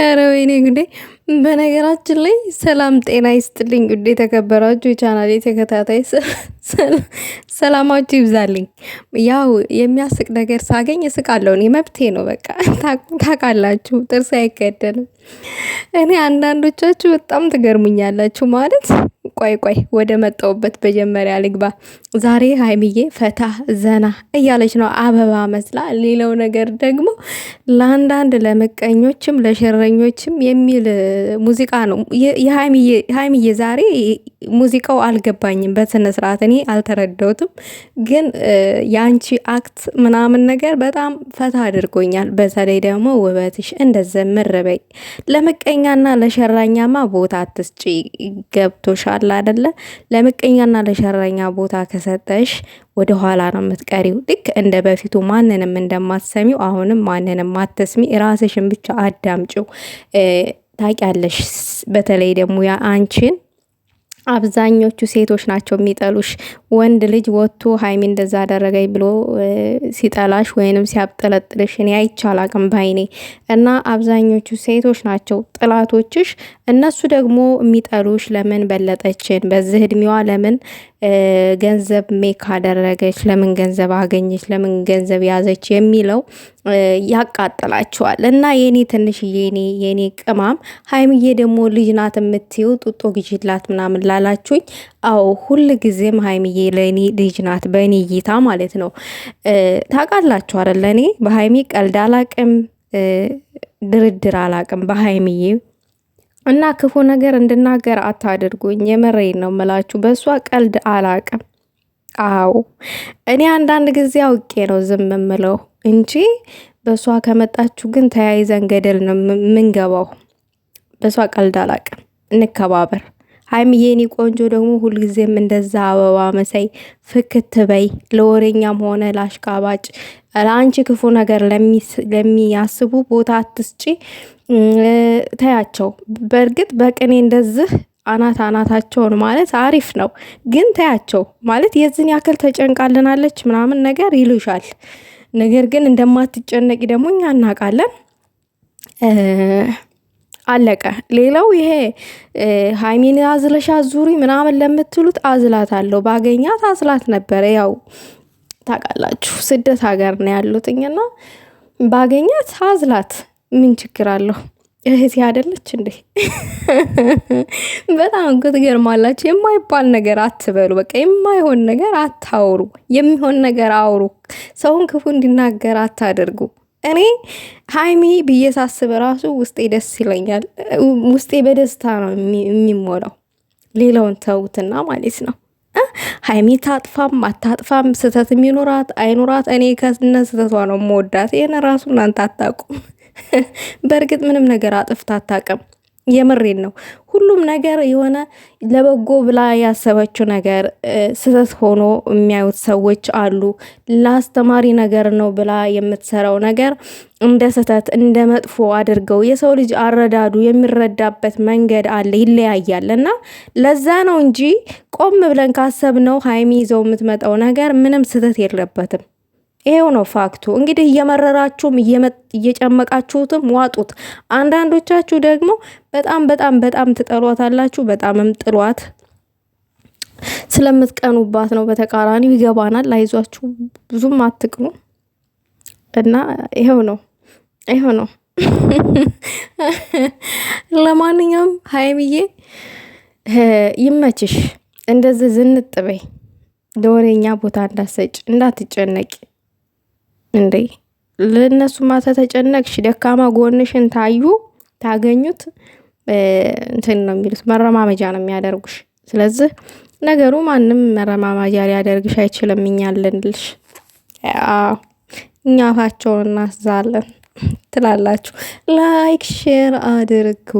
ഹെയർ കൊണ്ട് በነገራችን ላይ ሰላም ጤና ይስጥልኝ። ውድ የተከበራችሁ የቻናሌ ተከታታይ ሰላማችሁ ይብዛልኝ። ያው የሚያስቅ ነገር ሳገኝ እስቃለሁ። እኔ መብቴ ነው በቃ ታውቃላችሁ፣ ጥርስ አይከደንም። እኔ አንዳንዶቻችሁ በጣም ትገርሙኛላችሁ። ማለት ቆይ ቆይ ወደ መጣሁበት መጀመሪያ ልግባ። ዛሬ ሀይሚዬ ፈታ ዘና እያለች ነው አበባ መስላ። ሌላው ነገር ደግሞ ለአንዳንድ ለምቀኞችም ለሸረኞችም የሚል ሙዚቃ ነው ሀይሚዬ ዛሬ ሙዚቃው አልገባኝም፣ በስነ ስርዓት እኔ አልተረዳሁትም። ግን የአንቺ አክት ምናምን ነገር በጣም ፈታ አድርጎኛል። በተለይ ደግሞ ውበትሽ እንደዘ በይ። ለምቀኛና ለሸራኛማ ቦታ አትስጪ። ገብቶሻል አደለ? ለምቀኛና ለሸራኛ ቦታ ከሰጠሽ ወደ ኋላ ነው የምትቀሪው። ልክ እንደ በፊቱ ማንንም እንደማትሰሚው አሁንም ማንንም አትስሚ። ራስሽን ብቻ አዳምጪው። ታውቂያለሽ። በተለይ ደግሞ አንቺን አብዛኞቹ ሴቶች ናቸው የሚጠሉሽ። ወንድ ልጅ ወጥቶ ሀይሚ እንደዛ አደረገኝ ብሎ ሲጠላሽ ወይንም ሲያብጠለጥልሽ እኔ አይቻል አቅም ባይኔ እና አብዛኞቹ ሴቶች ናቸው ጥላቶችሽ። እነሱ ደግሞ የሚጠሉሽ ለምን በለጠችን በዚህ እድሜዋ ለምን ገንዘብ ሜክ አደረገች፣ ለምን ገንዘብ አገኘች፣ ለምን ገንዘብ ያዘች የሚለው ያቃጥላቸዋል። እና የኔ ትንሽዬ የኔ ቅማም ሀይምዬ ደግሞ ልጅ ናት የምትይው ጡጦ ግዢላት ምናምን ላላችሁኝ፣ አዎ ሁል ጊዜም ሀይምዬ ለእኔ ልጅ ናት፣ በእኔ እይታ ማለት ነው። ታውቃላችሁ አይደል? እኔ በሀይሚ ቀልድ አላቅም፣ ድርድር አላቅም በሀይምዬ እና ክፉ ነገር እንድናገር አታድርጉኝ። የመረኝ ነው ምላችሁ። በእሷ ቀልድ አላቅም። አዎ እኔ አንዳንድ ጊዜ አውቄ ነው ዝም ምለው እንጂ በእሷ ከመጣችሁ ግን ተያይዘን ገደል ነው ምንገባው። በእሷ ቀልድ አላቅም። እንከባበር። ሀይሚዬ የኔ ቆንጆ ደግሞ ሁልጊዜም እንደዛ አበባ መሳይ ፍክት በይ። ለወሬኛም ሆነ ለአሽቃባጭ ለአንቺ ክፉ ነገር ለሚያስቡ ቦታ አትስጪ ተያቸው። በእርግጥ በቅኔ እንደዚህ አናት አናታቸውን ማለት አሪፍ ነው፣ ግን ተያቸው ማለት የዝን ያክል ተጨንቃልናለች ምናምን ነገር ይሉሻል። ነገር ግን እንደማትጨነቂ ደግሞ እኛ እናውቃለን። አለቀ። ሌላው ይሄ ሀይሚን አዝለሻ ዙሪ ምናምን ለምትሉት አዝላት አለው ባገኛት አዝላት ነበረ። ያው ታውቃላችሁ ስደት ሀገር ነው ያሉትኝና ባገኛት አዝላት ምን ችግር አለሁ? እህቴ አይደለች እንዴ? በጣም እኮ ትገርማላችሁ። የማይባል ነገር አትበሉ። በቃ የማይሆን ነገር አታውሩ። የሚሆን ነገር አውሩ። ሰውን ክፉ እንዲናገር አታደርጉ። እኔ ሀይሚ ብዬ ሳስብ ራሱ ውስጤ ደስ ይለኛል። ውስጤ በደስታ ነው የሚሞላው። ሌላውን ተውትና ማለት ነው። ሀይሚ ታጥፋም አታጥፋም ስህተት የሚኖራት አይኖራት፣ እኔ ከነ ስህተቷ ነው መወዳት። ይህን ራሱ እናንተ አታውቁም። በእርግጥ ምንም ነገር አጥፍታ አታውቅም። የምሬን ነው። ሁሉም ነገር የሆነ ለበጎ ብላ ያሰበችው ነገር ስህተት ሆኖ የሚያዩት ሰዎች አሉ። ለአስተማሪ ነገር ነው ብላ የምትሰራው ነገር እንደ ስህተት እንደ መጥፎ አድርገው የሰው ልጅ አረዳዱ የሚረዳበት መንገድ አለ ይለያያል። እና ለዛ ነው እንጂ ቆም ብለን ካሰብነው ሀይሚ ይዘው የምትመጣው ነገር ምንም ስህተት የለበትም። ይሄው ነው ፋክቱ። እንግዲህ እየመረራችሁም እየጨመቃችሁትም ዋጡት። አንዳንዶቻችሁ ደግሞ በጣም በጣም በጣም ትጠሏታላችሁ። በጣምም ጥሏት ስለምትቀኑባት ነው። በተቃራኒው ይገባናል። አይዟችሁ፣ ብዙም አትቅኑ እና ይሄው ነው ይሄው ነው። ለማንኛውም ሀይምዬ ይመችሽ፣ እንደዚህ ዝንጥበይ በይ፣ ለወሬኛ ቦታ እንዳሰጭ እንዳትጨነቂ። እንዴ ለእነሱ ማታ ተጨነቅሽ፣ ደካማ ጎንሽን ታዩ ታገኙት እንትን ነው የሚሉት መረማመጃ ነው የሚያደርጉሽ። ስለዚህ ነገሩ ማንም መረማመጃ ሊያደርግሽ አይችልም። እኛ አለንልሽ፣ እኛ አፋቸውን እናስዛለን ትላላችሁ። ላይክ ሼር አድርጉ።